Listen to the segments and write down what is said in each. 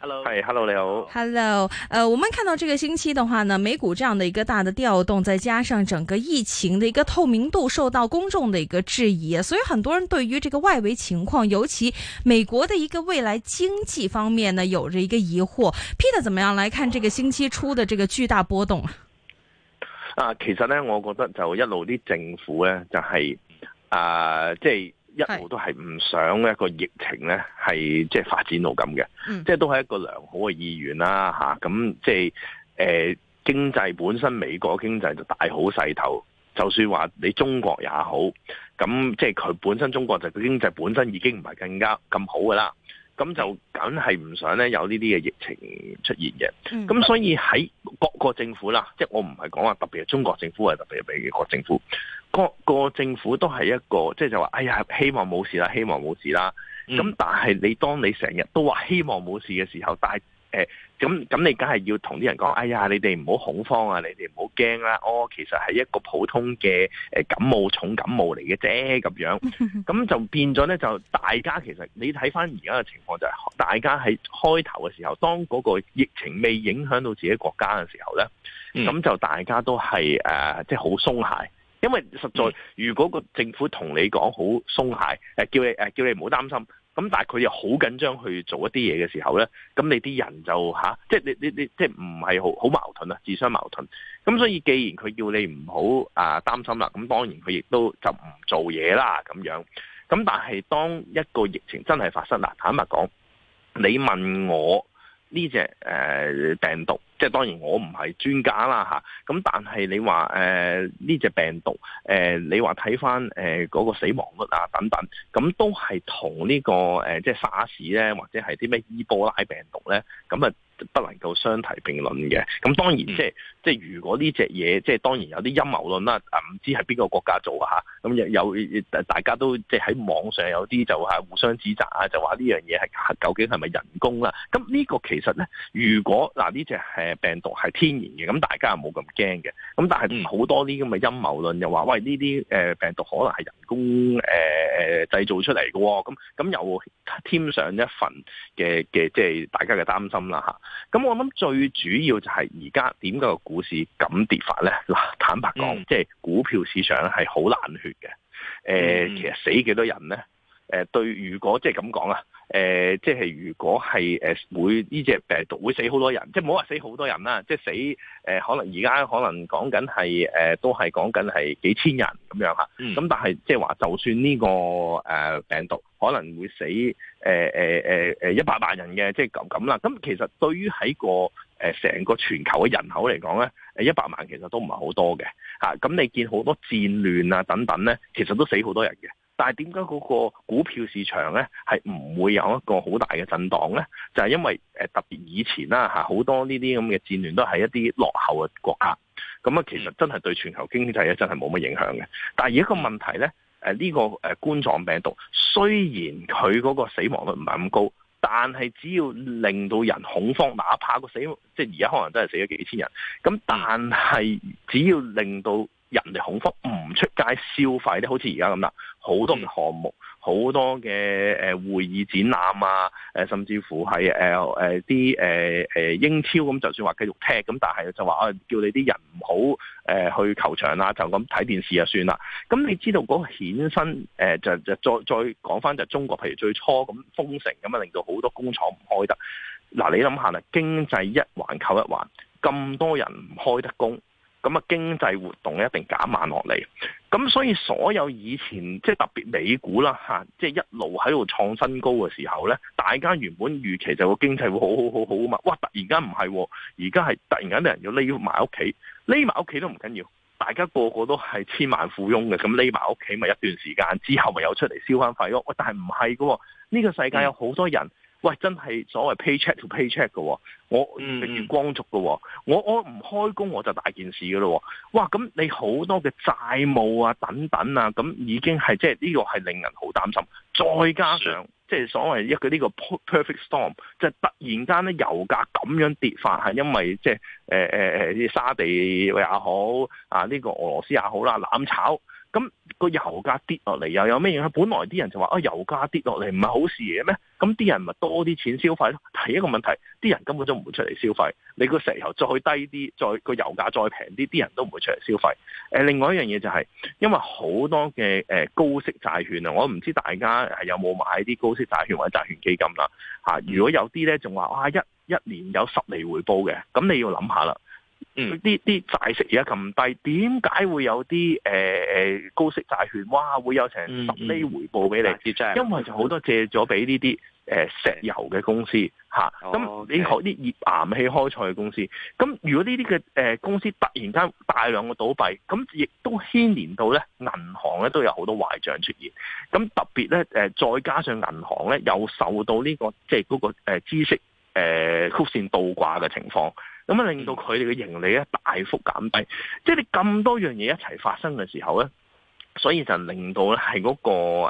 hello，係，hello 你好，hello，呃，我們看到這個星期的話呢，美股這樣的一個大的調動，再加上整個疫情的一個透明度受到公眾的一個質疑，所以很多人對於這個外圍情況，尤其美國的一個未來經濟方面呢，有着一個疑惑。Peter 怎麼樣來看這個星期初的這個巨大波動啊？啊，其實呢，我覺得就一路啲政府呢，就係、是、啊，即係。是一路都係唔想呢個疫情咧，係即係發展到咁嘅、嗯，即係都係一個良好嘅意願啦，嚇、啊、咁即係誒、呃、經濟本身美國的經濟就大好勢頭，就算話你中國也好，咁即係佢本身中國就經濟本身已經唔係更加咁好噶啦，咁就梗係唔想咧有呢啲嘅疫情出現嘅，咁、嗯、所以喺各個政府啦，即係我唔係講話特別係中國政府，係特別係美國政府。個個政府都係一個，即係就話、是，哎呀，希望冇事啦，希望冇事啦。咁、嗯、但係你當你成日都話希望冇事嘅時候，但係誒，咁、呃、咁你梗係要同啲人講，哎呀，你哋唔好恐慌啊，你哋唔好驚啦。哦，其實係一個普通嘅誒感冒、重感冒嚟嘅啫，咁樣。咁就變咗咧，就大家其實你睇翻而家嘅情況就係、是，大家喺開頭嘅時候，當嗰個疫情未影響到自己國家嘅時候咧，咁、嗯、就大家都係誒，即係好鬆懈。因為實在，如果個政府同你講好鬆懈，誒叫你誒叫你唔好擔心，咁但係佢又好緊張去做一啲嘢嘅時候咧，咁你啲人就吓、啊，即係你你你即係唔係好好矛盾啊，自相矛盾。咁所以既然佢叫你唔好啊擔心啦，咁當然佢亦都就唔做嘢啦咁樣。咁但係當一個疫情真係發生啦，坦白講，你問我。呢隻誒病毒，即係當然我唔係專家啦嚇，咁但係你話誒呢隻病毒，誒、呃、你話睇翻誒嗰個死亡率啊等等，咁都係同呢個誒、呃、即係 SARS 咧，或者係啲咩伊波拉病毒咧，咁、嗯、啊，不能夠相提並論嘅，咁當然即係即係如果呢隻嘢，即係當然有啲陰謀論啦，唔知係邊個國家做呀嚇，咁有大家都即係喺網上有啲就係互相指責啊，就話呢樣嘢係究竟係咪人工啦？咁呢個其實咧，如果嗱呢隻誒病毒係天然嘅，咁大家又冇咁驚嘅，咁但係好多啲咁嘅陰謀論又話喂呢啲誒病毒可能係人工誒誒、呃、製造出嚟嘅喎，咁咁又添上一份嘅嘅即係大家嘅擔心啦嚇。咁我諗最主要就係而家點解個股市咁跌法咧？嗱，坦白講，即、嗯、係股票市場咧係好冷血嘅。誒、呃，嗯、其實死幾多人咧？誒，對，如果即係咁講啊。就是誒、呃，即係如果係誒會呢隻病毒會死好多人，即係唔好話死好多人啦，即係死誒、呃、可能而家可能講緊係誒都係講緊係幾千人咁樣吓。咁、嗯、但係即係話就算呢、這個誒、呃、病毒可能會死誒誒誒誒一百萬人嘅，即係咁咁啦。咁其實對於喺個誒成、呃、個全球嘅人口嚟講咧，呃、一百萬其實都唔係好多嘅吓。咁、啊、你見好多戰亂啊等等咧，其實都死好多人嘅。但係點解嗰個股票市場咧係唔會有一個好大嘅震盪咧？就係、是、因為誒特別以前啦嚇，好多呢啲咁嘅戰亂都係一啲落後嘅國家，咁啊其實真係對全球經濟咧真係冇乜影響嘅。但係而家個問題咧，誒、這、呢個誒冠狀病毒雖然佢嗰個死亡率唔係咁高，但係只要令到人恐慌，哪怕個死亡即係而家可能真係死咗幾千人，咁但係只要令到，人哋恐慌唔出街消費，啲好似而家咁啦，好多嘅項目，好多嘅誒會議展覽啊，甚至乎係誒啲誒英超咁，就算話繼續踢咁，但係就話啊、哎，叫你啲人唔好誒去球場啦，就咁睇電視啊，算啦。咁你知道嗰個衍生誒，就就再再講返就中國，譬如最初咁封城咁啊，令到好多工廠唔開得。嗱，你諗下啦，經濟一環扣一環，咁多人唔開得工。咁啊，經濟活動一定減慢落嚟，咁所以所有以前即係特別美股啦吓，即係一路喺度創新高嘅時候咧，大家原本預期就個經濟會好好好好啊嘛，哇！突然間唔係，而家係突然間啲人要匿埋屋企，匿埋屋企都唔緊要，大家個個都係千萬富翁嘅，咁匿埋屋企咪一段時間之後咪又出嚟燒翻費咯，喂！但係唔係嘅喎，呢個世界有好多人。喂，真係所謂 paycheck to paycheck 嘅，我譬如、mm. 光族嘅，我我唔開工我就大件事嘅咯。哇，咁你好多嘅債務啊等等啊，咁已經係即係呢個係令人好擔心。再加上即係、就是、所謂一個呢個 perfect storm，即係突然間咧油價咁樣跌翻，係因為即係誒誒誒啲沙地也好啊，呢、呢個俄羅斯也好啦，攬炒。咁個油價跌落嚟又有咩影響？本來啲人就話啊，油價跌落嚟唔係好事嘅咩？咁啲人咪多啲錢消費咯，第一個問題。啲人根本都唔會出嚟消費。你個石油再低啲，再個油價再平啲，啲人都唔會出嚟消費。誒、呃，另外一樣嘢就係、是，因為好多嘅誒、呃、高息債券啊，我唔知大家係有冇買啲高息債券或者債券基金啦吓、啊。如果有啲咧，仲話啊，一一年有十厘回報嘅，咁你要諗下啦。呢啲債息而家咁低，點解會有啲誒、呃、高息債券？哇，會有成十厘回報俾你、嗯嗯嗯？因為就好多借咗俾呢啲石油嘅公司，咁你學啲頁岩氣開採嘅公司。咁、嗯啊嗯嗯 okay. 如果呢啲嘅公司突然間大量嘅倒閉，咁亦都牽連到咧銀行咧都有好多壞賬出現。咁特別咧、呃、再加上銀行咧又受到呢、這個即係嗰、那個、呃、知識誒、呃、曲線倒掛嘅情況。咁啊，令到佢哋嘅盈利咧大幅減低，即係你咁多樣嘢一齊發生嘅時候咧。所以就令到咧係嗰個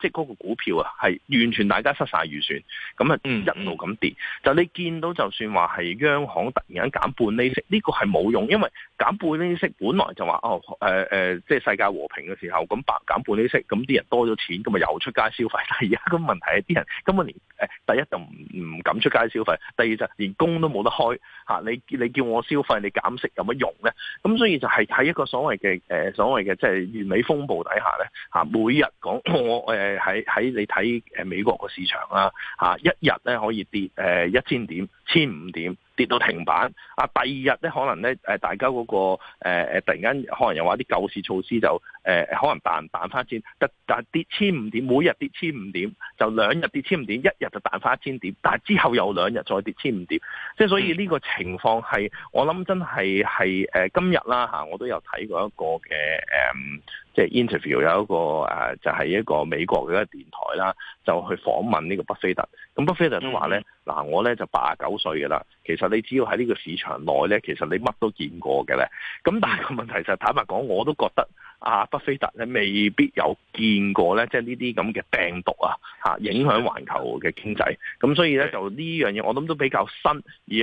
即係嗰個股票啊，係完全大家失曬預算，咁啊一路咁跌，嗯。就你見到就算話係央行突然間減半厘息，呢、呢個係冇用，因為減半厘息本來就話哦、呃、即係世界和平嘅時候，咁白減半厘息，咁啲人多咗錢，咁咪又出街消費。但係而家個問題係，啲人根本連、呃、第一就唔唔敢出街消費，第二就連工都冇得開、啊，你你叫我消費，你減息有乜用咧？咁所以就係喺一個所謂嘅、呃、所謂嘅即係完美風。風暴底下咧，吓每日講我誒，喺喺你睇誒，美國個市場啦，吓一日咧可以跌誒一千點。千五點跌到停板啊！第二日咧，可能咧，大家嗰、那個誒、呃、突然間可能又話啲救市措施就誒、呃，可能彈彈翻千突跌千五點，每日跌千五點，就兩日跌千五點，一日就彈翻千點，但之後又兩日再跌千五點，即係所以呢個情況係我諗真係係、呃、今日啦嚇，我都有睇過一個嘅即係 interview 有一個誒、呃，就係、是、一個美國嘅一個電台啦，就去訪問呢個巴菲特。咁巴菲特都話咧，嗱、嗯啊、我咧就八十九歲嘅啦。其實你只要喺呢個市場內咧，其實你乜都見過嘅咧。咁但係個問題就係、坦白講，我都覺得阿、啊、巴菲特咧未必有見過咧，即係呢啲咁嘅病毒啊，啊影響環球嘅經濟。咁所以咧就呢樣嘢，我諗都比較新。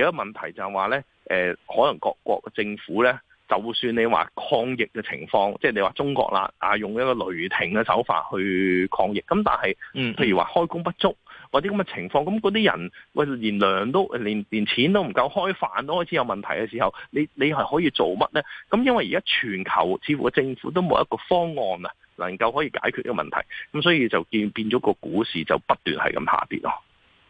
而家問題就係話咧，誒可能各國政府咧，就算你話抗疫嘅情況，即、就、係、是、你話中國啦，啊用一個雷霆嘅手法去抗疫。咁但係，嗯，譬如話開工不足。或啲咁嘅情況，咁嗰啲人喂連糧都連連錢都唔夠開飯，都開始有問題嘅時候，你你係可以做乜呢？咁因為而家全球似乎個政府都冇一個方案啊，能夠可以解決呢個問題，咁所以就變咗個股市就不斷係咁下跌咯。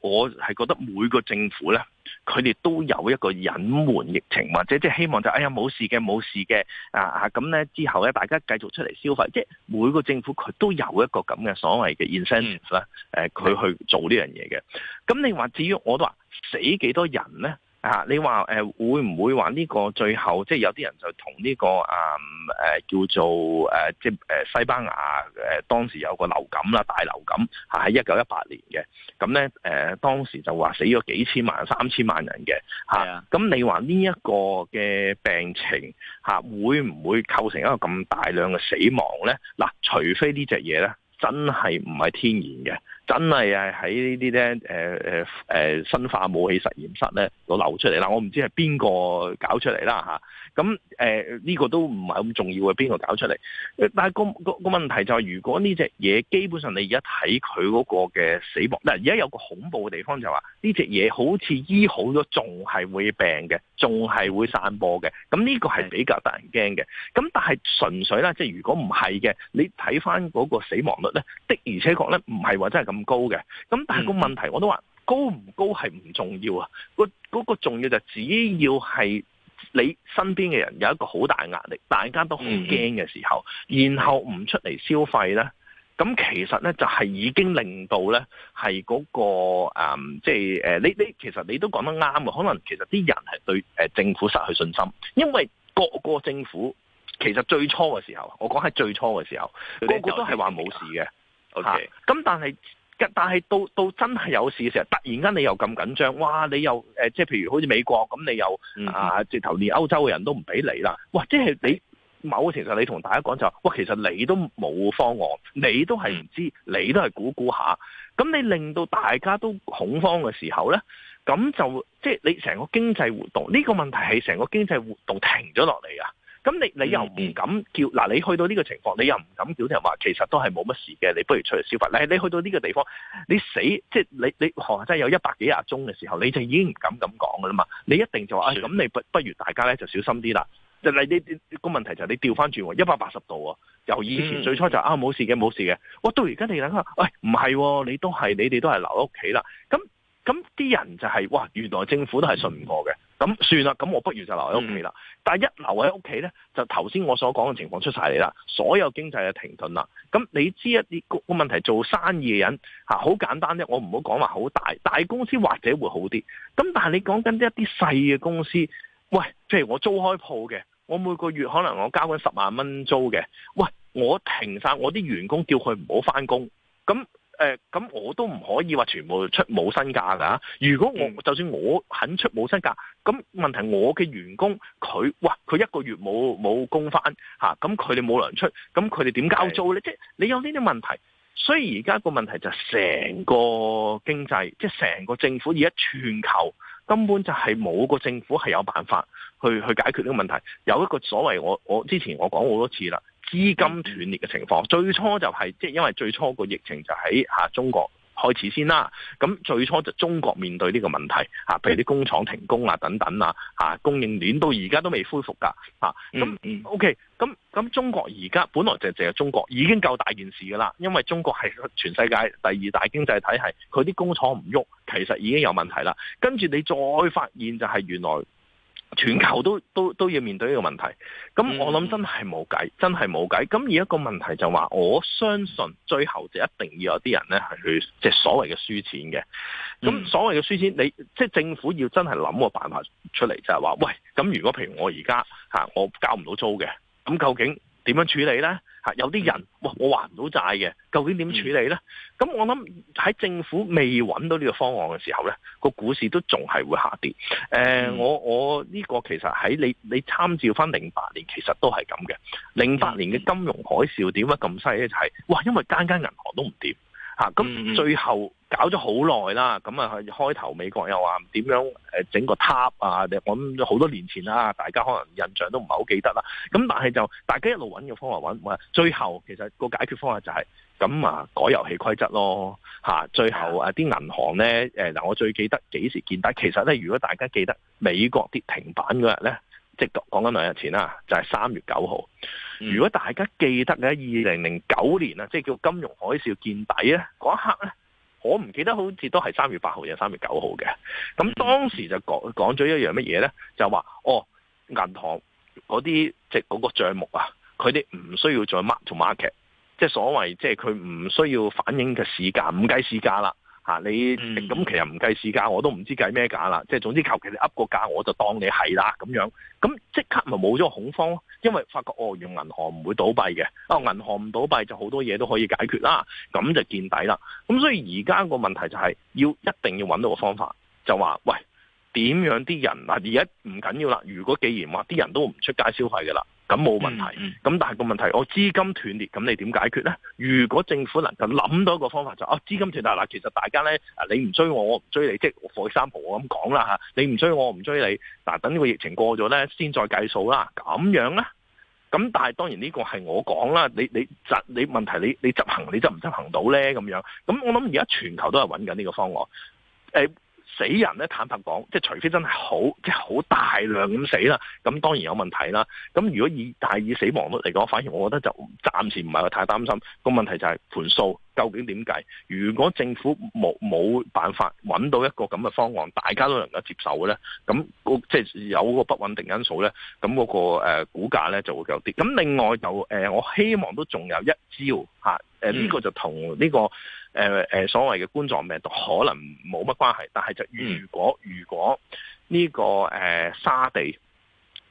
我係覺得每個政府咧，佢哋都有一個隱瞞疫情，或者即係希望就，哎呀冇事嘅冇事嘅，啊啊咁咧之後咧，大家繼續出嚟消費。即係每個政府佢都有一個咁嘅所謂嘅 incentive 啦、啊，誒佢去做呢樣嘢嘅。咁你話至於我都話死幾多人咧？你話誒，會唔會話呢個最後即係有啲人就同呢個誒、嗯、叫做誒即係誒西班牙誒當時有個流感啦，大流感吓，喺一九一八年嘅。咁咧誒當時就話死咗幾千萬三千萬人嘅，吓，咁你話呢一個嘅病情，吓，會唔會構成一個咁大量嘅死亡咧嗱？除非呢隻嘢咧真係唔係天然嘅。真係係喺呢啲咧，誒誒誒，生化武器實驗室咧，個流出嚟啦！我唔知係邊個搞出嚟啦吓。咁誒，呢個都唔係咁重要嘅，邊個搞出嚟，但係個個，個問題就係，如果呢隻嘢，基本上你而家睇佢嗰個嘅死亡，嗱，而家有個恐怖嘅地方就係話呢隻嘢好似醫好咗，仲係會病嘅，仲係會散播嘅。咁呢個係比較得人驚嘅。咁但係純粹呢，即係如果唔係嘅，你睇翻嗰個死亡率咧，的而且確咧唔係話真係咁高嘅。咁但係個問題我都話高唔高係唔重要啊。個嗰個重要就只要係。你身邊嘅人有一個好大壓力，大家都好驚嘅時候，嗯、然後唔出嚟消費咧，咁其實咧就係已經令到咧係嗰個、嗯、即係誒，你你其實你都講得啱嘅，可能其實啲人係對誒政府失去信心，因為個個政府其實最初嘅時候，我講係最初嘅時候，個、嗯、個都係話冇事嘅、嗯、Ok，咁但係。但係到到真係有事嘅時候，突然間你又咁緊張，哇！你又即係、呃、譬如好似美國咁，你又啊，直頭連歐洲嘅人都唔俾你啦，哇！即係你某個情況，你同大家講就話，哇！其實你都冇方案，你都係唔知，你都係估估下，咁你令到大家都恐慌嘅時候咧，咁就即係你成個經濟活動呢個問題係成個經濟活動停咗落嚟啊！咁你你又唔敢叫嗱、嗯？你去到呢個情況，你又唔敢叫啲人話，其實都係冇乜事嘅。你不如出去消費。你你去到呢個地方，你死即係你你真係有一百幾廿宗嘅時候，你就已經唔敢咁講噶啦嘛。你一定就話咁，哎、你不不如大家咧就小心啲啦。就係呢啲個問題就係你調翻轉喎，一百八十度喎、啊，由以前最初就是嗯、啊冇事嘅冇事嘅，我到而家你諗下，喂唔係你都係你哋都係留喺屋企啦。咁咁啲人就係、是、哇，原來政府都係信唔過嘅。咁算啦，咁我不如就留喺屋企啦。但係一留喺屋企咧，就頭先我所講嘅情況出晒嚟啦，所有經濟就停頓啦。咁你知一啲個問題，做生意嘅人吓，好簡單啫。我唔好講話好大，大公司或者會好啲。咁但係你講緊一啲細嘅公司，喂，譬如我租開鋪嘅，我每個月可能我交緊十萬蚊租嘅，喂，我停晒，我啲員工叫佢唔好翻工，咁。誒、呃，咁我都唔可以話全部出冇薪假噶、啊。如果我、嗯、就算我肯出冇薪假，咁問題我嘅員工佢，哇，佢一個月冇冇工返吓，咁佢哋冇糧出，咁佢哋點交租咧？即、嗯、係你有呢啲問題，所以而家個問題就成個經濟，即係成個政府而家全球根本就係冇個政府係有辦法去去解決呢個問題，有一個所謂我我之前我講好多次啦。資金斷裂嘅情況，最初就係、是、即係因為最初個疫情就喺嚇中國開始先啦。咁最初就中國面對呢個問題嚇，譬如啲工廠停工啊、等等啊嚇，供應鏈到而家都未恢復噶嚇。咁、嗯、OK，咁咁中國而家本來就淨係中國已經夠大件事噶啦，因為中國係全世界第二大經濟體系，佢啲工廠唔喐，其實已經有問題啦。跟住你再發現就係原來。全球都都都要面對呢個問題，咁我諗真係冇計，真係冇計。咁而一個問題就話、是，我相信最後就一定要有啲人咧係去即係所謂嘅輸錢嘅。咁所謂嘅輸錢，你即係政府要真係諗個辦法出嚟，就係、是、話，喂，咁如果譬如我而家我交唔到租嘅，咁究竟？點樣處理呢？吓，有啲人，哇，我還唔到債嘅，究竟點處理呢？咁、嗯、我諗喺政府未揾到呢個方案嘅時候，呢個股市都仲係會下跌。誒、呃嗯，我我呢個其實喺你你參照翻零八年，其實都係咁嘅。零八年嘅金融海嘯點解咁犀利呢就係、是、哇，因為間間銀行都唔掂吓，咁、啊、最後。嗯嗯搞咗好耐啦，咁啊開頭美國又話點樣誒整個塌啊！我諗好多年前啦，大家可能印象都唔係好記得啦。咁但係就大家一路揾個方法揾，最後其實個解決方法就係、是、咁啊改遊戲規則咯吓。最後啲、啊、銀行呢，誒嗱，我最記得幾時見底？其實呢，如果大家記得美國跌停板嗰日呢，即係講緊兩日前啦，就係、是、三月九號。如果大家記得呢二零零九年啊，即、就、係、是、叫金融海嘯見底呢嗰一刻呢我唔記得好似都係三月八號定三月九號嘅，咁當時就講講咗一樣乜嘢咧？就話哦，銀行嗰啲即係嗰個帳目啊，佢哋唔需要再 mark 同 market，即係所謂即係佢唔需要反映嘅市價，唔計市價啦，啊、你咁，嗯、其實唔計市價，我都唔知計咩價啦。即，就，係，是、總之求其你噏個價，我就當你係啦咁樣，咁即刻咪冇咗恐慌咯。因為發覺哦，原來銀行唔會倒閉嘅，哦，銀行唔倒閉就好多嘢都可以解決啦，咁就見底啦。咁所以而家個問題就係要一定要揾到個方法，就話喂，點樣啲人啊？而家唔緊要啦，如果既然話啲人都唔出街消費嘅啦。咁冇問題，咁但係個問題，我資金斷裂，咁你點解決呢？如果政府能夠諗到一個方法，就啊資金斷裂。嗱，其實大家呢，你唔追我，我唔追你，即係貨易三步我咁講啦嚇，你唔追我，我唔追你，嗱，等呢個疫情過咗呢，先再計數啦，咁樣呢？咁但係當然呢個係我講啦，你你你問題你你，你，你，你執行你執唔執，執行到呢咁樣，咁我諗而家全球都係揾緊呢個方案，誒死人咧，坦白講，即係除非真係好，即係好大量咁死啦，咁當然有問題啦。咁如果以但係以死亡率嚟講，反而我覺得就暫時唔係話太擔心。個問題就係盤數。究竟點解？如果政府冇冇辦法揾到一個咁嘅方案，大家都能夠接受嘅咧，咁即係有個不穩定因素咧，咁嗰、那個誒、呃、股價咧就會有啲。咁另外就誒、呃，我希望都仲有一招嚇。誒、啊、呢、這個就同呢、這個誒誒、呃、所謂嘅冠狀病毒可能冇乜關係，但係就如果、嗯、如果呢、這個誒、呃、沙地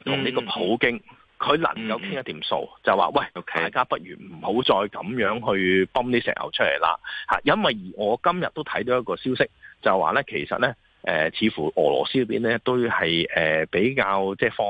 同呢個普京。嗯佢能夠傾一掂數、嗯，就話喂，okay. 大家不如唔好再咁樣去泵啲石油出嚟啦嚇，因為我今日都睇到一個消息，就話咧其實咧、呃，似乎俄羅斯邊咧都係、呃、比較即係放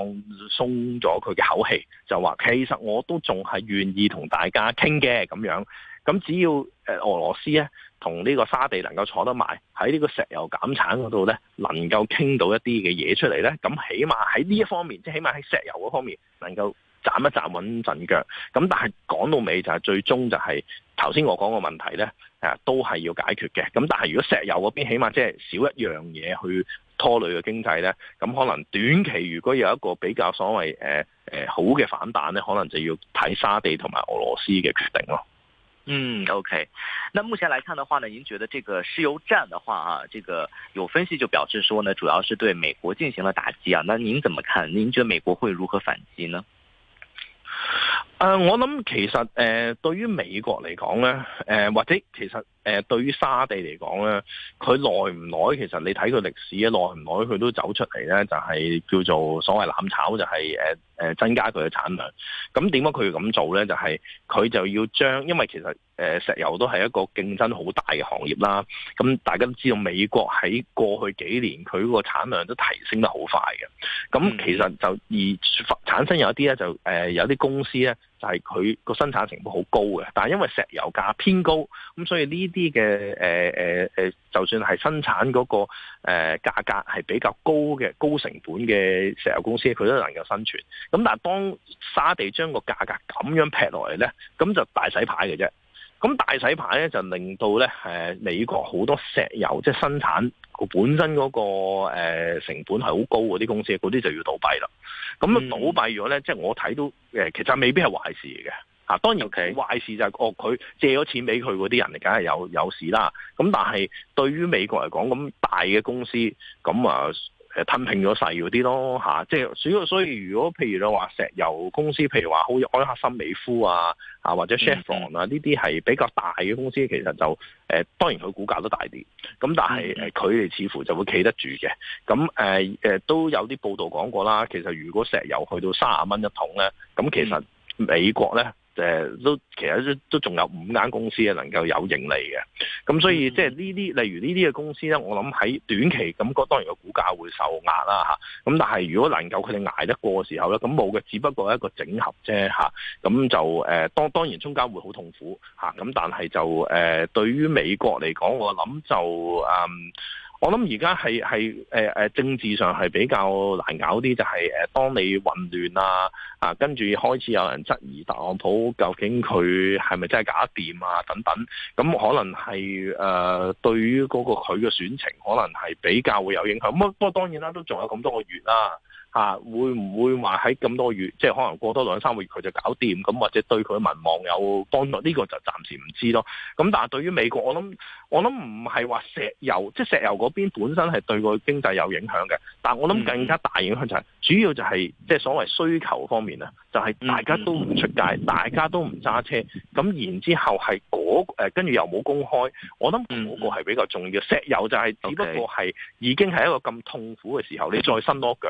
鬆咗佢嘅口氣，就話其實我都仲係願意同大家傾嘅咁樣，咁只要呃俄羅斯咧。同呢個沙地能夠坐得埋喺呢個石油減產嗰度呢，能夠傾到一啲嘅嘢出嚟呢，咁起碼喺呢一方面，即係起碼喺石油嗰方面能夠站一站穩陣腳。咁但係講到尾就係最終就係頭先我講個問題呢，誒都係要解決嘅。咁但係如果石油嗰邊起碼即係少一樣嘢去拖累個經濟呢，咁可能短期如果有一個比較所謂誒誒好嘅反彈呢，可能就要睇沙地同埋俄羅斯嘅決定咯。嗯，OK。那目前來看的話呢，您覺得這個石油戰的話啊，這個有分析就表示說呢，主要是對美國進行了打擊啊。那您怎麼看？您覺得美國會如何反擊呢？誒、呃，我諗其實誒、呃，對於美國嚟講呢，誒、呃、或者其實誒、呃，對於沙地嚟講呢，佢耐唔耐？其實你睇佢歷史，耐唔耐佢都走出嚟呢，就係、是、叫做所謂攬炒，就係、是、誒。呃誒增加佢嘅產量，咁點解佢要咁做咧？就係、是、佢就要將，因為其實誒石油都係一個競爭好大嘅行業啦。咁大家都知道美國喺過去幾年佢嗰個產量都提升得好快嘅。咁其實就而產生有一啲咧，就誒有啲公司咧。就係佢個生產成本好高嘅，但係因為石油價偏高，咁所以呢啲嘅誒誒誒，就算係生產嗰、嗰個誒、呃、價格係比較高嘅高成本嘅石油公司，佢都能夠生存。咁但係當沙地將個價格咁樣劈落嚟咧，咁就大洗牌嘅啫。咁大洗牌咧，就令到咧，美國好多石油即係、就是、生產本身嗰個成本係好高嗰啲公司，嗰啲就要倒閉啦。咁倒閉咗咧，即、嗯、係我睇到其實未必係壞事嚟嘅。嚇，當然壞事就係哦，佢借咗錢俾佢嗰啲人嚟，梗係有有事啦。咁但係對於美國嚟講，咁大嘅公司咁啊。誒，吞併咗細嗰啲咯，吓、啊，即係主要。所以如果譬如你話石油公司，譬如話好似埃克森美孚啊，啊或者 Chevron 啊，呢啲係比較大嘅公司，其實就誒、啊，當然佢股價都大啲。咁但係佢哋似乎就會企得住嘅。咁誒誒，都有啲報道講過啦。其實如果石油去到三十啊蚊一桶咧，咁、啊啊、其實美國咧。誒，都其實都都仲有五間公司啊，能夠有盈利嘅。咁所以即係呢啲例如呢啲嘅公司咧，我諗喺短期感覺當然個股價會受壓啦，嚇，咁但係如果能夠佢哋捱得過嘅時候咧，咁冇嘅只不過係一個整合啫，嚇，咁就誒當，呃，當然中間會好痛苦，嚇，咁但係就誒，呃，對於美國嚟講，我諗就嗯。我諗而家係係誒誒，政治上係比較難搞啲，就係誒，當你混亂啊啊，跟、啊、住開始有人質疑特朗普究竟佢係咪真係搞掂啊等等，咁可能係誒、呃，對於嗰個佢嘅選情，可能係比較會有影響。咁不過當然啦，都仲有咁多個月啦。吓、啊、會唔會話喺咁多月，即係可能過多兩三個月佢就搞掂，咁或者對佢民望有幫助？呢、這個就暫時唔知咯。咁但係對於美國，我諗我諗唔係話石油，即係石油嗰邊本身係對個經濟有影響嘅。但係我諗更加大影響就係、是嗯、主要就係、是、即係所謂需求方面啊，就係、是、大家都唔出街，嗯、大家都唔揸車，咁然之後係嗰誒跟住又冇公開，我諗嗰個係比較重要。石油就係只不過係、okay. 已經係一個咁痛苦嘅時候，你再伸多腳。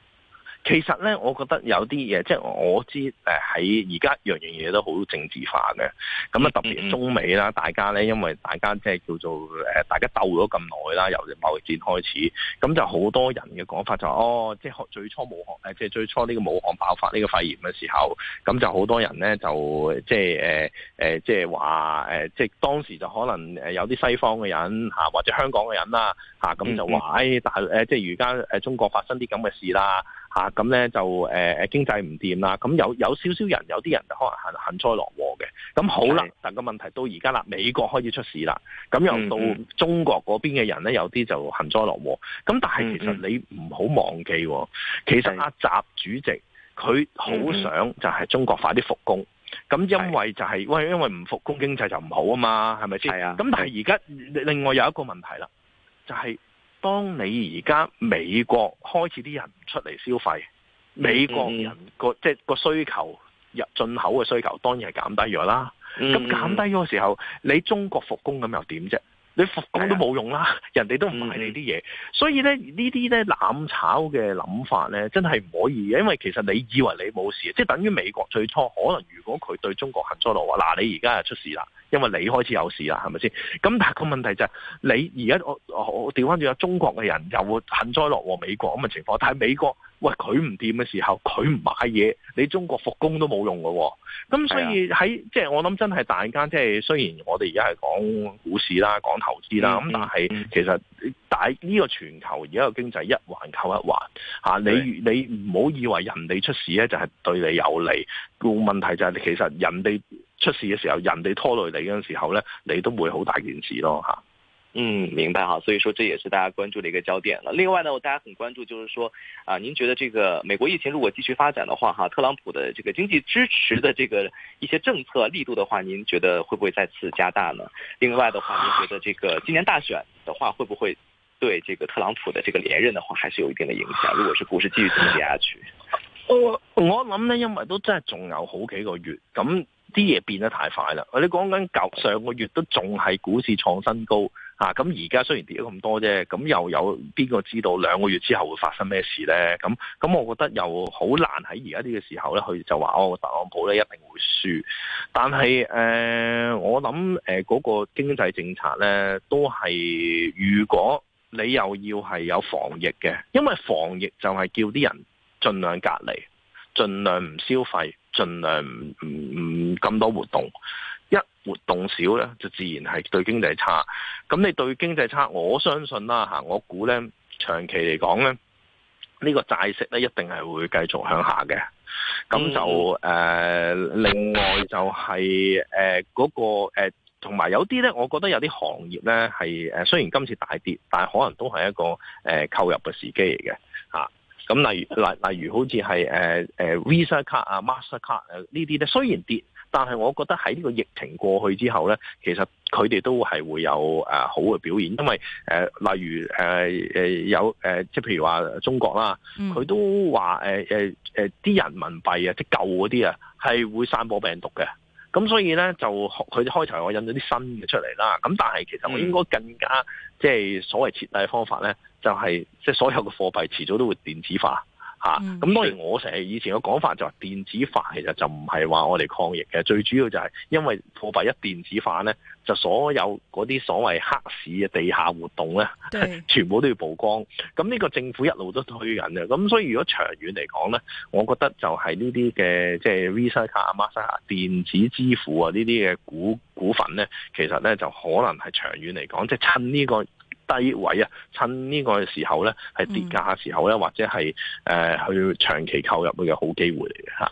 其實咧，我覺得有啲嘢，即係我知誒喺而家樣樣嘢都好政治化嘅。咁啊，特別中美啦，大家咧，因為大家即係叫做誒，大家鬥咗咁耐啦，由貿易戰開始，咁就好多人嘅講法就話、哦，即係最初武漢誒，即係最初呢個武漢爆發呢個肺炎嘅時候，咁就好多人咧就即係、呃、即係話誒，即係當時就可能誒有啲西方嘅人嚇，或者香港嘅人啦嚇，咁就話誒，但係即係而家誒中國發生啲咁嘅事啦。咁、啊、咧就誒誒、呃、經濟唔掂啦，咁有有少少人，有啲人就可能幸幸災樂禍嘅。咁好啦，但個問題到而家啦，美國開始出事啦，咁又到中國嗰邊嘅人咧、嗯嗯，有啲就幸災樂禍。咁但係其實你唔好忘記、嗯嗯，其實阿習主席佢好想就係中國快啲復工，咁因為就係、是嗯嗯、喂，因為唔復工經濟就唔好啊嘛，係咪先？咁、啊、但係而家另外有一個問題啦，就係、是。當你而家美國開始啲人出嚟消費，美國人個即係需求入、嗯、進口嘅需求當然係減低咗啦。咁、嗯、減低咗嘅時候，你中國復工咁又點啫？你復工都冇用啦，人哋都唔買你啲嘢，所以咧呢啲咧攬炒嘅諗法咧，真係唔可以嘅，因為其實你以為你冇事，即係等於美國最初可能如果佢對中國幸災樂禍，嗱，你而家又出事啦，因為你開始有事啦，係咪先？咁但係個問題就係、是、你而家我調翻轉有中國嘅人又幸災樂禍美國咁嘅情況，但係美國。喂，佢唔掂嘅時候，佢唔買嘢，你中國復工都冇用噶、哦。咁所以喺、啊、即係我諗真係大家即係，雖然我哋而家係講股市啦，講投資啦，咁、嗯、但係其實大呢個全球而家個經濟一環扣一環吓、啊啊，你你唔好以為人哋出事咧就係對你有利，個問題就係其實人哋出事嘅時候，人哋拖累你嘅時候咧，你都會好大件事咯吓。嗯，明白哈，所以說這也是大家關注的一個焦點了。另外呢，我大家很關注，就是說，啊，您覺得這個美國疫情如果繼續發展的話，哈，特朗普的這個經濟支持的這個一些政策力度的話，您覺得會不會再次加大呢？另外的話，您覺得這個今年大選的話，會不會對這個特朗普的這個連任的話，還是有一定的影響？如果是股市繼續咁跌下去，我我諗呢，因為都真係仲有好幾個月，咁啲嘢變得太快啦。我哋講緊舊上個月都仲係股市創新高。啊！咁而家雖然跌咗咁多啫，咁又有邊個知道兩個月之後會發生咩事呢？咁咁，我覺得又好難喺而家呢個時候呢，佢就話我、哦、特朗普呢一定會輸。但係誒、呃，我諗誒嗰個經濟政策呢，都係如果你又要係有防疫嘅，因為防疫就係叫啲人儘量隔離，儘量唔消費，儘量唔唔唔咁多活動。一活動少咧，就自然係對經濟差。咁你對經濟差，我相信啦嚇，我估咧長期嚟講咧，呢、這個債息咧一定係會繼續向下嘅。咁、嗯、就誒、呃，另外就係誒嗰個同埋、呃、有啲咧，我覺得有啲行業咧係誒，雖然今次大跌，但係可能都係一個誒購、呃、入嘅時機嚟嘅嚇。咁、啊、例如例例如好似係誒 Visa 卡啊、Master 卡啊呢啲咧，雖然跌。但係，我覺得喺呢個疫情過去之後咧，其實佢哋都係會有誒好嘅表現，因為誒、呃、例如誒誒、呃、有誒即係譬如話中國啦，佢、嗯、都話誒誒誒啲人民幣啊，即係舊嗰啲啊，係會散播病毒嘅。咁所以咧就佢開頭我印咗啲新嘅出嚟啦。咁但係其實我應該更加即係所謂徹底嘅方法咧，就係、是、即係所有嘅貨幣遲早都會電子化。咁、嗯、當然我成日以前嘅講法就話電子化其實就唔係話我哋抗疫嘅，最主要就係因為貨幣一電子化咧，就所有嗰啲所謂黑市嘅地下活動咧，全部都要曝光。咁呢個政府一路都推緊嘅，咁所以如果長遠嚟講咧，我覺得就係呢啲嘅即係 Visa 卡、Master 電子支付啊呢啲嘅股股份咧，其實咧就可能係長遠嚟講，即係趁呢個。低位啊，趁呢個時候咧，係跌價嘅時候咧，或者係誒去長期購入嘅好機會嚟嘅吓。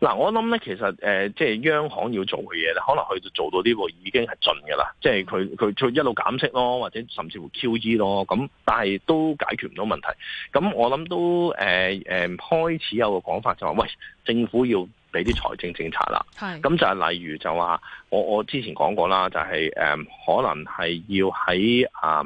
嗱、啊，我諗咧，其實誒、呃，即係央行要做嘅嘢咧，可能佢做到呢個已經係盡噶啦，即係佢佢一路減息咯，或者甚至乎 QE 咯，咁但係都解決唔到問題。咁我諗都誒誒、呃，開始有個講法就話、是，喂，政府要俾啲財政政策啦。係。咁就係例如就話，我我之前講過啦、就是，就係誒，可能係要喺誒。呃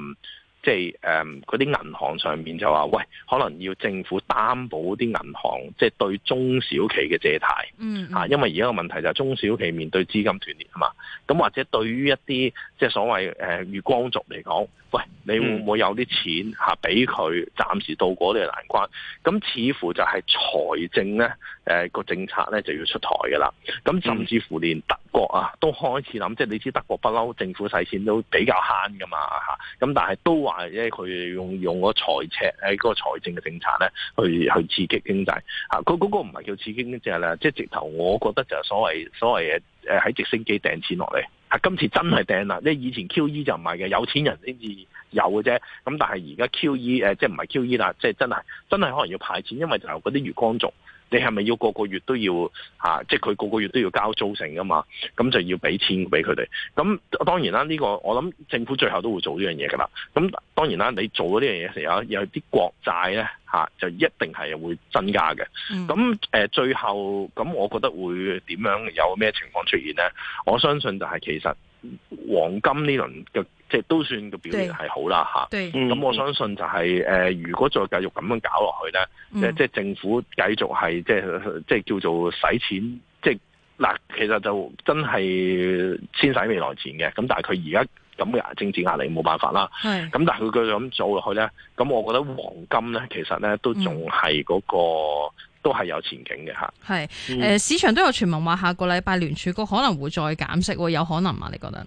即係誒，嗰啲銀行上面就話，喂，可能要政府擔保啲銀行，即係對中小企嘅借貸，嗯，啊，因為而家個問題就係中小企面對資金斷裂係嘛，咁或者對於一啲即係所謂誒月光族嚟講，喂，你會唔會有啲錢吓俾佢暫時渡過呢個難關？咁似乎就係財政咧，誒個政策咧就要出台噶啦，咁甚至乎連國啊，都開始諗，即係你知德國不嬲，政府使錢都比較慳噶嘛吓，咁但係都話咧，佢用用嗰財赤喺個財政嘅政策咧，去去刺激經濟啊，嗰、嗰個唔係叫刺激經濟啦，即係直頭，我覺得就係所謂所謂誒誒喺直升機掟錢落嚟，啊今次真係掟啦，即係以前 QE 就唔係嘅，有錢人先至有嘅啫，咁但係而家 QE 誒即係唔係 QE 啦，即係真係真係可能要派錢，因為就係嗰啲魚缸族。你係咪要個個月都要嚇、啊？即係佢個個月都要交租成噶嘛？咁就要俾錢俾佢哋。咁當然啦，呢、呢個我諗政府最後都會做呢樣嘢噶啦。咁當然啦，你做咗呢樣嘢時候有有啲國債咧嚇、啊，就一定係會增加嘅。咁誒、呃，最後咁，咁我覺得會點樣有咩情況出現咧？我相信就係其實黃金呢輪嘅。即係都算個表現係好啦嚇，咁我相信就係、是、誒、嗯呃，如果再繼續咁樣搞落去咧，即、嗯、即政府繼續係即即叫做使錢，即嗱、呃、其實就真係先使未來錢嘅，咁但係佢而家咁嘅政治壓力冇辦法啦，咁但係佢繼續咁做落去咧，咁我覺得黃金咧其實咧都仲係嗰個、嗯、都係有前景嘅嚇、嗯呃。市場都有傳聞話下個禮拜聯儲局可能會再減息，有可能嘛？你覺得？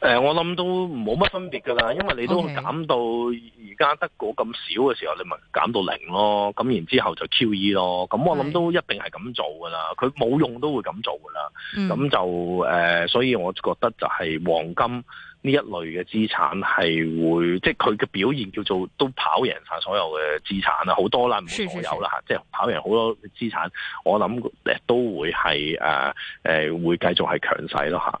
誒、呃，我諗都冇乜分別噶啦，因為你都減到而家得嗰咁少嘅時候，okay. 你咪減到零咯。咁然之後就 QE 咯。咁我諗都一定係咁做噶啦。佢、mm. 冇用都會咁做噶啦。咁就誒、呃，所以我覺得就係黃金呢一類嘅資產係會，即係佢嘅表現叫做都跑贏晒所有嘅資產啦，好多啦，唔會所有啦吓、啊，即係跑贏好多資產。我諗誒都會係誒誒會繼續係強勢咯吓。啊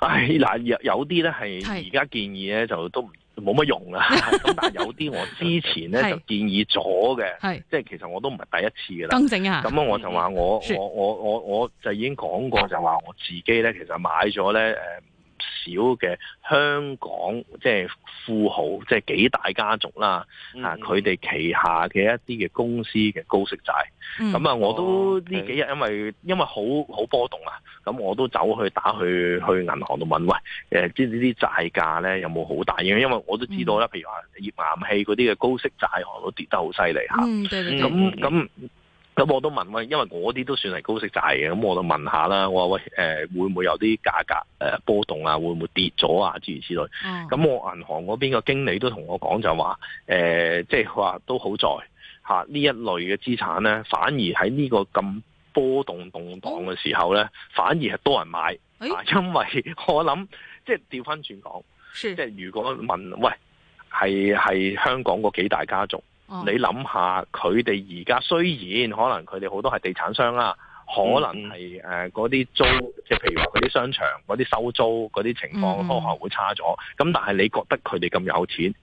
唉、嗯，嗱、嗯哎、有有啲咧係而家建議咧就都冇乜用啦。咁 但係有啲我之前咧就建議咗嘅，即係其實我都唔係第一次噶啦。更正啊！咁啊我就話我、嗯、我我我我就已經講過就話我自己咧其實買咗咧誒。呃少嘅香港即係富豪，即係幾大家族啦、嗯，啊，佢哋旗下嘅一啲嘅公司嘅高息債，咁、嗯、啊，我都呢、哦、幾日因爲因爲好好、哦、波動啊，咁我都走去打去去銀行度問，喂，誒，知唔知啲債價咧有冇好大嘅？因爲我都知道啦，譬、嗯、如話頁岩氣嗰啲嘅高息債行都跌得好犀利吓，咁、嗯、咁。對對對咁我都問喂，因為嗰啲都算係高息債嘅，咁我就問下啦。我話喂，誒、呃、會唔會有啲價格、呃、波動啊？會唔會跌咗啊？諸如此類。咁、啊、我銀行嗰邊個經理都同我講就話，誒即係話都好在嚇呢一類嘅資產咧，反而喺呢個咁波動動盪嘅時候咧、哦，反而係多人買。哎、因為我諗即係調翻轉講，即係、就是、如果問喂係係香港嗰幾大家族。你諗下，佢哋而家雖然可能佢哋好多係地產商啦，可能係誒嗰啲租，即係譬如話啲商場、嗰啲收租嗰啲情況都好似會差咗。咁但係你覺得佢哋咁有錢，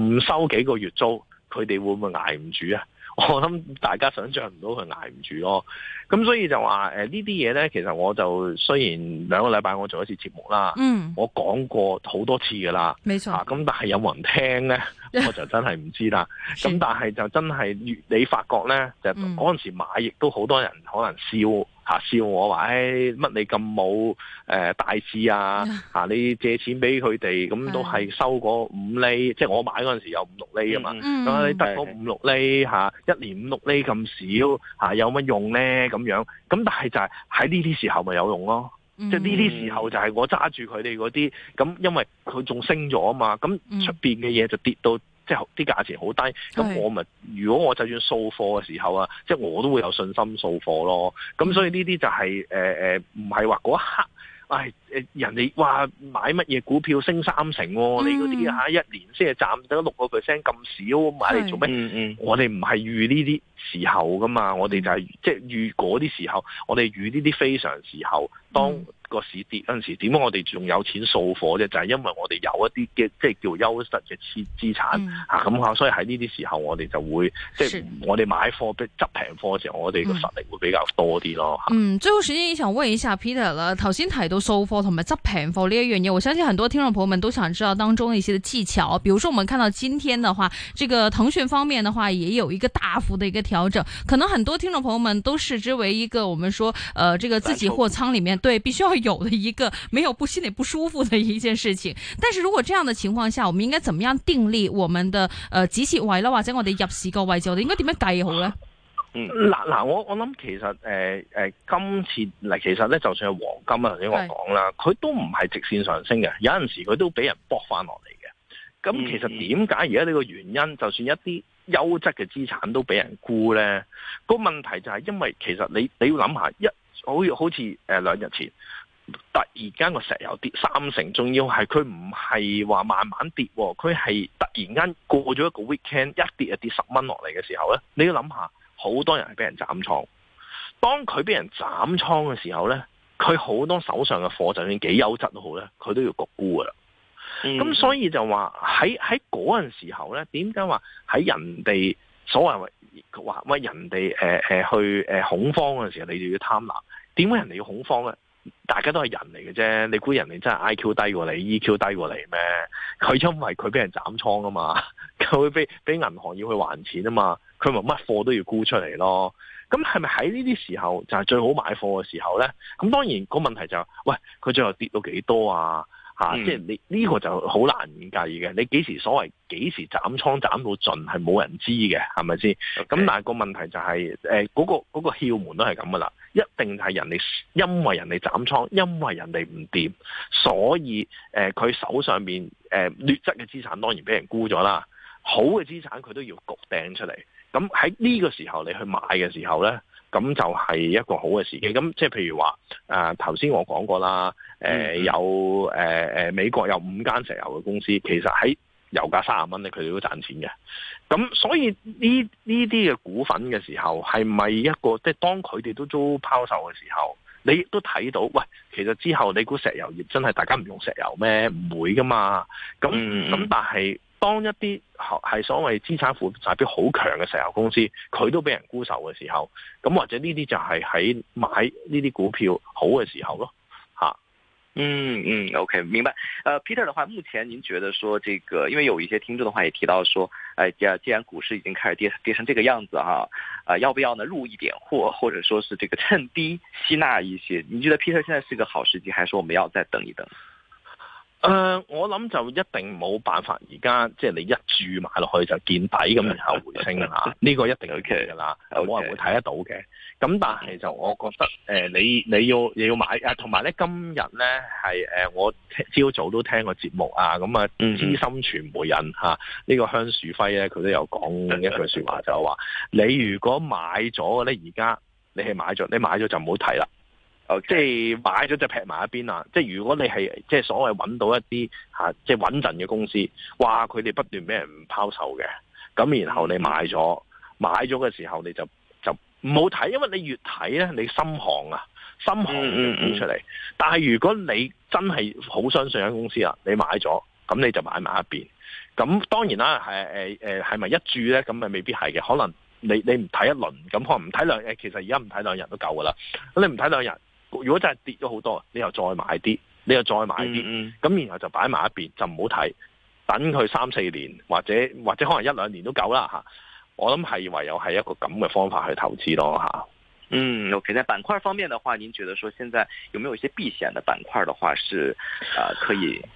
唔收幾個月租，佢哋會唔會挨唔住啊？我諗大家想象唔到佢捱唔住咯。咁所以就話誒、呃、呢啲嘢咧，其實我就雖然兩個禮拜我做一次節目啦，嗯，我講過好多次噶啦，冇錯，咁、啊、但係有冇人聽咧，我就真係唔知啦。咁 但係就真係越你發覺咧，就嗰陣時買亦都好多人可能笑。嗯吓、啊、笑我話，誒、哎，乜你咁冇誒大志啊？吓、 啊、你借錢俾佢哋，咁都係收嗰五厘，即 係我買嗰陣時有五六厘啊嘛。咁、嗯啊、你得嗰五六厘吓，一、啊、年五六厘咁少吓、啊，有乜用咧？咁樣，咁但係就係喺呢啲時候咪有用咯。嗯、即係呢啲時候就係我揸住佢哋嗰啲，咁因為佢仲升咗啊嘛。咁出邊嘅嘢就跌到。即係啲價錢好低，咁我咪如果我就算掃貨嘅時候啊，即、就、係、是、我都會有信心掃貨咯。咁所以呢啲就係誒誒，唔係話嗰刻，哎、人哋話買乜嘢股票升三成、哦嗯，你嗰啲嚇一年先係賺得六個 percent 咁少、哦，買嚟做咩？我哋唔係預呢啲時候噶嘛，我哋就係即係預嗰啲時候，我哋預呢啲非常時候，當、嗯個市跌嗰陣時，點解我哋仲有錢掃貨啫？就係、是、因為我哋有一啲嘅即係叫優質嘅資資產，吓、嗯、咁啊、嗯，所以喺呢啲時候我哋就會即係我哋買貨、即係執平貨嘅時候，我哋個實力會比較多啲咯、嗯嗯。嗯，最後時間，想問一下 Peter 啦。頭先提到掃貨同埋執平貨呢一樣嘢，我相信很多聽眾朋友們都想知道當中一些嘅技巧。比如說，我們看到今天的話，這個騰訊方面的話，也有一個大幅的一個調整，可能很多聽眾朋友們都視之為一個我們說，呃，這個自己貨倉裏面、嗯、對必須要。有的一個沒有不心裏不舒服的一件事情，但是如果這樣的情況下，我們應該怎麼樣定立我們的，呃，止蝕位啦，或者我哋入市個位置，我哋應該點樣計好呢？嗱嗱，我我諗其實，誒、呃、誒、呃，今次嗱，其實咧，就算係黃金啊，頭先我講啦，佢都唔係直綫上升嘅，有陣時佢都俾人博翻落嚟嘅。咁其實點解而家呢個原因，嗯、就算一啲優質嘅資產都俾人沽呢？個問題就係因為其實你你要諗下，一好似好似誒、呃、兩日前。突然間個石油跌三成，仲要係佢唔係話慢慢跌，佢係突然間過咗一個 weekend，一跌就跌十蚊落嚟嘅時候咧，你要諗下，好多人係俾人斬倉。當佢俾人斬倉嘅時候咧，佢好多手上嘅貨，就算幾優質都好咧，佢都要焗沽噶啦。咁 所以就話喺喺嗰陣時候咧，點解話喺人哋所謂話乜人哋誒誒去誒恐慌嘅時候，你就要貪婪？點解人哋要恐慌咧？大家都係人嚟嘅啫，你估人哋真係 IQ 低過你，EQ 低過你咩？佢因為佢俾人斬倉啊嘛，佢俾俾銀行要去還錢啊嘛，佢咪乜貨都要沽出嚟咯。咁係咪喺呢啲時候就係最好買貨嘅時候咧？咁當然個問題就係，喂，佢最後跌到幾多啊？吓、嗯，即係你呢個就好難計嘅，你幾時所謂幾時斬倉斬到盡係冇人知嘅，係咪先？咁、嗯、但係個問題就係、是，誒、呃、嗰、那個嗰、那個竅門都係咁噶啦，一定係人哋因為人哋斬倉，因為人哋唔掂，所以誒佢、呃、手上邊誒、呃、劣質嘅資產當然俾人沽咗啦，好嘅資產佢都要焗掟出嚟，咁喺呢個時候你去買嘅時候咧。咁就係一個好嘅時機，咁即係譬如話，誒頭先我講過啦，誒、呃嗯、有誒、呃、美國有五間石油嘅公司，其實喺油價卅蚊咧，佢哋都賺錢嘅。咁所以呢呢啲嘅股份嘅時候，係咪一個即係當佢哋都租拋售嘅時候，你都睇到？喂，其實之後你估石油業真係大家唔用石油咩？唔會㗎嘛。咁咁、嗯、但係，當一啲係所謂資產負債表好強嘅石油公司，佢都俾人沽售嘅時候，咁或者呢啲就係喺買呢啲股票好嘅時候咯，吓。嗯嗯，OK，明白。誒、呃，Peter 嘅話，目前您覺得說，這個因為有一些聽眾的話也提到說，誒、哎，即係既然股市已經開始跌跌成這個樣子，哈，啊，要不要呢入一點貨，或者說是這個趁低吸納一些？你覺得 Peter 現在是一個好時機，還是我們要再等一等？誒、呃，我諗就一定冇辦法，而家即係你一注買落去就見底咁，然後回升呢、 啊，這個一定係噶啦，我、okay. 冇人會睇得到嘅。咁但係就我覺得誒、呃，你你要你要買啊，同埋咧今日咧係誒，我朝早都聽過節目啊，咁啊資深傳媒人吓，呢、啊這個香樹輝咧，佢都有講一句說話，就係話你如果買咗嘅咧，而家你係買咗，你買咗就唔好睇啦。哦、即係買咗就劈埋一邊啦。即係如果你係即係所謂揾到一啲吓、啊，即係穩陣嘅公司，哇！佢哋不斷俾人拋售嘅，咁然後你買咗，買咗嘅時候你就就唔好睇，因為你越睇咧，你心寒啊，心寒嘅表現出嚟、嗯嗯。但係如果你真係好相信間公司啊，你買咗，咁你就買埋一邊。咁當然啦，係誒誒，係咪一注咧？咁咪未必係嘅，可能你你唔睇一輪，咁可能唔睇兩誒，其實而家唔睇兩日都夠噶啦。咁你唔睇兩日。如果真係跌咗好多，你又再買啲，你又再買啲，咁、嗯嗯、然後就擺埋一邊，就唔好睇，等佢三四年或者或者可能一兩年都夠啦吓。我諗係唯有係一個咁嘅方法去投資咯吓。嗯，OK。嗯，其實在板塊方面的話，您覺得說現在有沒有一些避險的板塊的話是啊、呃、可以？啊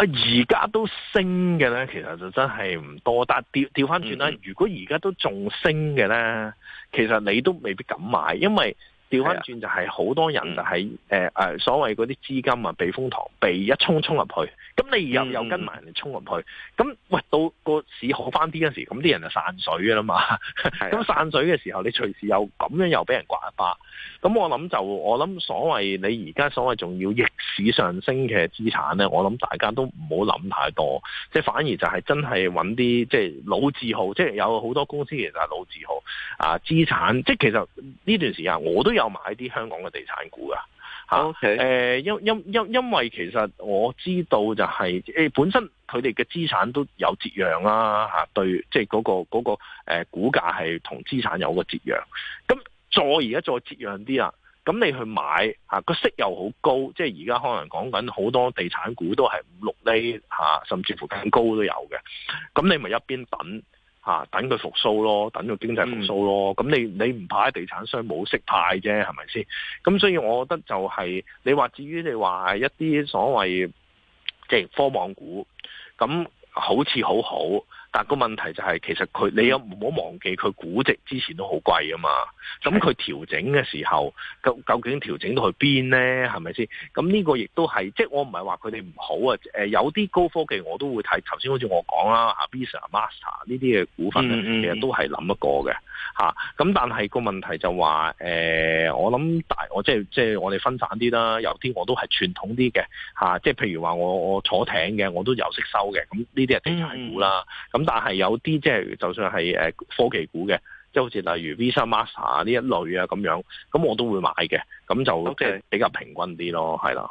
而家都升嘅咧，其實就真係唔多。但調調翻轉啦，如果而家都仲升嘅咧，其實你都未必敢買，因為。調翻轉就係好多人就係，是，誒，啊呃，所謂嗰啲資金啊，避風塘避一衝衝入去，咁你又又跟埋人哋衝入去。咁，嗯，喂到個市好翻啲嗰時候，咁啲人就散水㗎啦嘛。咁，啊、 散水嘅時候，你隨時又咁樣又俾人刮一巴。咁我諗就我諗所謂你而家所謂仲要逆市上升嘅資產咧，我諗大家都唔好諗太多，即係反而就係真係搵啲即係老字號，即係有好多公司其實係老字號啊資產，即其實呢段時間我都有買啲香港嘅地產股噶吓，誒、okay.，因因因因為其實我知道就係、是、誒本身佢哋嘅資產都有折讓啦吓，對，即係嗰個、那個誒股價係同資產有個折讓，咁再而家再折讓啲啊，咁你去買吓、那個息又好高，即係而家可能講緊好多地產股都係五六厘吓、啊，甚至乎更高都有嘅，咁你咪一邊等。啊！等佢復甦咯，等佢經濟復甦咯。咁、嗯、你你唔怕啲地產商冇息派啫，係咪先？咁所以我覺得就係、是、你話至於你話一啲所謂即係科網股，咁好似好好。個問題就係其實佢、嗯、你有唔好忘記佢估值之前都好貴啊嘛，咁佢調整嘅時候，究究竟調整到去邊呢？係咪先？咁呢個亦都係即係我唔係話佢哋唔好啊、呃，有啲高科技我都會睇，頭先好似我講啦，Visa、Abisa, Master 呢啲嘅股份其實都係諗得過嘅。咁但係個問題就話、是呃、我諗大我即係即我哋分散啲啦，有啲我都係傳統啲嘅、啊、即係譬如話我我坐艇嘅我都有識收嘅，咁呢啲係地產股啦，咁、嗯。嗯。但係有啲即係就算係誒科技股嘅，即係好似例如 Visa、Master 呢一類啊咁樣，咁我都會買嘅，咁就即係比較平均啲咯，係、okay，啦。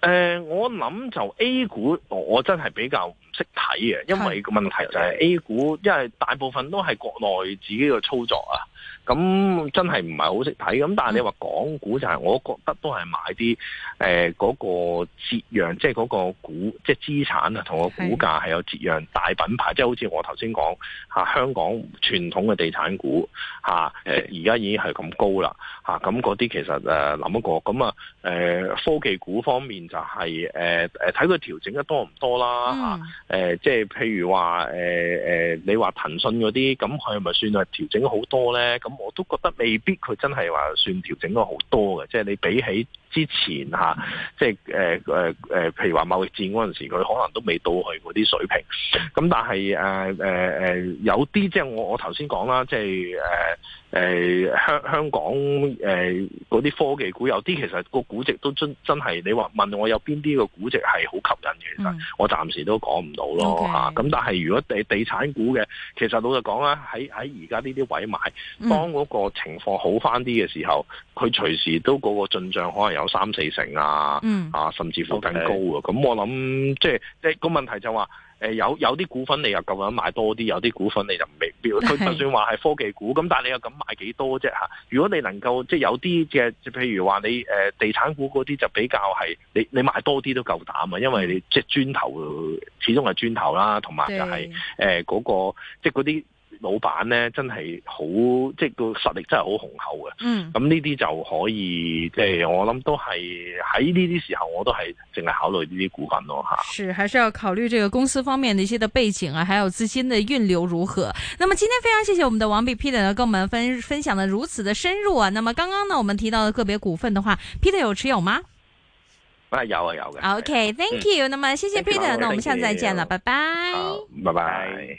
誒、呃，我諗就 A 股我真係比較唔識睇嘅，因為個問題就係 A 股，因為大部分都係國內自己嘅操作啊，咁真係唔係好識睇。咁但係你話港股就係、是，我覺得都係買啲誒嗰個折讓，即係嗰個股即係資產啊同個股價係有折讓大品牌，即係好似我頭先講吓香港傳統嘅地產股吓，誒而家已經係咁高啦吓，咁嗰啲其實誒諗一過咁啊，誒、呃、科技股方面。就係誒誒睇佢調整得多唔多啦吓，誒即係譬如話，誒誒你話騰訊嗰啲，咁佢係咪算係調整好多咧？咁我都覺得未必佢真係話算調整咗好多嘅，即係你比起，之前吓，即係誒誒誒譬如話貿易戰嗰陣時，佢可能都未到去嗰啲水平。咁但係誒誒誒有啲即係我我頭先講啦，即係誒誒香香港誒嗰啲科技股，有啲其實個估值都真真係你話問我有邊啲個估值係好吸引嘅，嗯，其實我暫時都講唔到咯吓，咁、okay. 但係如果地地產股嘅，其實老實講啦，喺喺而家呢啲位買當嗰個情況好翻啲嘅時候，佢隨時都個個進帳可能有有三四成啊，嗯、啊甚至乎更高啊。咁、okay 嗯、我諗即係即係個問題就話，誒有有啲股份你又咁樣買多啲，有啲股份你就未必。佢就算話係科技股，咁但係你又敢買幾多啫吓？如果你能夠即係有啲嘅，譬如話你誒地產股嗰啲就比較係，你你買多啲都夠膽啊，因為你即係磚頭始終係磚頭啦，同埋就係誒嗰個即係嗰啲。老闆呢真係好，即係個實力真係好雄厚嘅。嗯，咁呢啲就可以，即係我諗都係喺呢啲時候，我都係淨係考慮呢啲股份咯、啊、吓。是，還是要考慮這個公司方面的一些的背景啊，還有資金的運流如何？那麼今天非常謝謝我們的王弼 Peter 跟我們分分，分，分享得如此的深入啊。那麼剛剛呢，我們提到的個別股份的話，Peter 有持有嗎？啊，有啊有嘅。OK，Thank you，okay，嗯。那麼謝謝 Peter，那我們下次再見了，拜拜。好，拜、uh, 拜。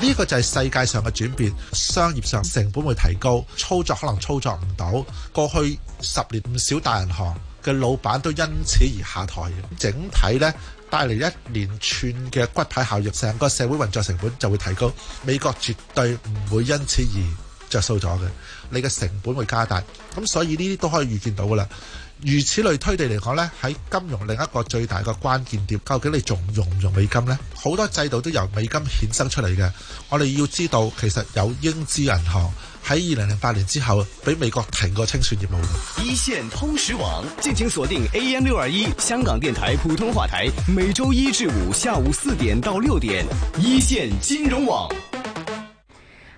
呢個就係世界上嘅轉變，商業上成本會提高，操作可能操作唔到。過去十年唔少大銀行嘅老闆都因此而下台，整體呢帶嚟一連串嘅骨牌效應，成個社會運作成本就會提高。美國絕對唔會因此而着數咗嘅，你嘅成本會加大。咁所以呢啲都可以預見到㗎喇。如此類推地嚟講呢喺金融另一個最大嘅關鍵點，究竟你仲用唔用美金呢好多制度都由美金衍生出嚟嘅。我哋要知道，其實有英資銀行喺二零零八年之後，俾美國停過清算業務。一線通識網，敬請鎖定 AM 六二一香港電台普通話台，每周一至五下午四點到六點，一線金融網。